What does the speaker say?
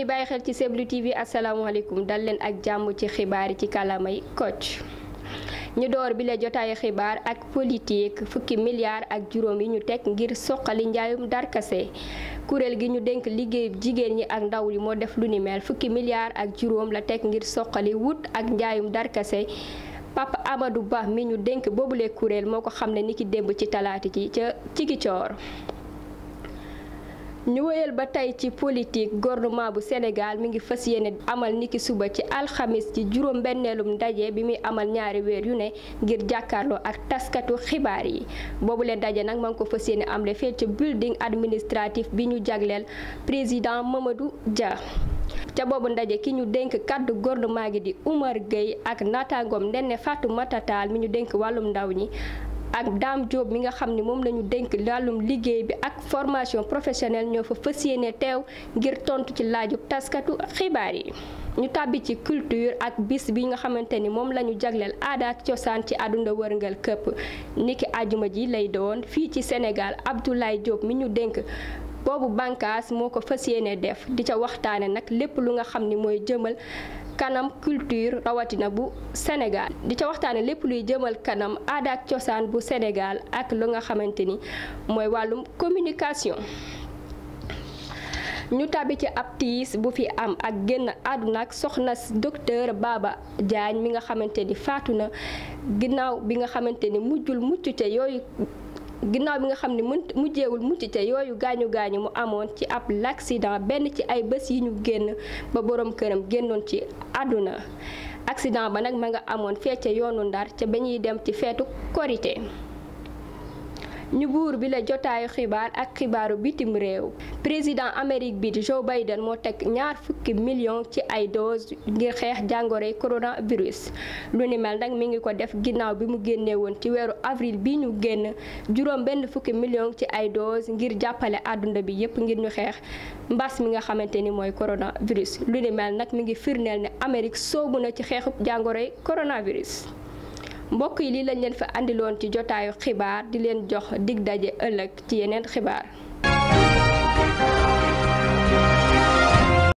di bàyyi xel ci Sèblu TV asalaamaaleykum dal leen ak jàmm ci xibaar yi ci kàllaamay Kocc ñu door bi la jotaayu xibaar ak politique fukki milliards ak juróom yi ñu teg ngir soqali njaayum darkase kuréel gi ñu dénk liggéey jigéen ñi ak ndaw li moo def lu ni mel fukki milliards ak juróom la teg ngir soqali wut ak njaayum darkase Papa Amadou Ba mi ñu dénk boobule kuréel moo ko xam ne ni ki démb ci talaata ci ca Ziguinchor ñu wëyal ba tey ci politique gouvernement bu Sénégal mi ngi fas yéene amal ni ki suba ci alxamis ci juróom benneelum ndaje bi muy amal ñaari weer yu ne ngir jàkkaarloo ak taskatu xibaar yi boobu leen ndaje nag ma ngi ko fas yéene am le fee ci building administratif bi ñu jagleel président Mamadou Dia. ca boobu ndaje ki ñu dénk kàddu gouvernement gi di Oumar Gueye ak naataangoom Ndéné Fatoumata Tall mi ñu dénk wàllum ndaw ñi ak Dame Diop mi nga xam ni moom la ñu dénk wàllum liggéey bi ak formation professionnel ñoo fa fas yéene teew ngir tontu ci laaju taskatu xibaar yi. ñu tàbbi ci culture ak bis bi nga xamante ni moom la ñu jagleel aada cosaan ci àdduna wërngal këpp niki àjjuma ji lay doon fii ci Sénégal Abdoulaye Diop mi ñu dénk. boobu bànqaas moo ko fas yéene def di ca waxtaane nag lépp lu nga xam ni mooy jëmal kanam culture rawatina bu Sénégal di ca waxtaane lépp luy jëmal kanam aada ak cosaan bu senegaal ak lu nga xamante ni mooy wàllum communication ñu tàbbi ci ab tiis bu fi am ak génn àdduna ak soxna docteur Baba jaañ mi nga xamante ni faatu na ginnaaw bi nga xamante ni mujjul mucc ca yooyu ginnaaw bi nga xam ne mun mujjeewul mucc ca yooyu gaañu gaañu mu amoon ci ab l'accident benn ci ay bés yi ñu génn ba borom këram génnoon ci àdduna accident ba nag ma nga amoon fee ca yoonu ndar ca ba ñuy dem ci feetu korité ñu buur bi la jotaayu xibaar ak xibaaru bitim réew président Amérique bi Joe Biden moo teg ñaar fukki million ci ay doses ngir xeex jàngoroy coronavirus lu ni mel nag mi ngi ko def ginnaaw bi mu génnee woon ci weeru avril bi ñu génn juróom benn fukki million ci ay doses ngir jàppale àdduna bi yépp ngir ñu xeex mbas mi nga xamante ni mooy coronavirus lu ni mel nag mi ngi firndeel ni Amérique soobu na ci xeexub jàngoroy coronavirus mbokk yi lii lañ leen fa andiloon ci jotaayu xibaar di leen jox dig daje ëllëg ci yeneen xibaar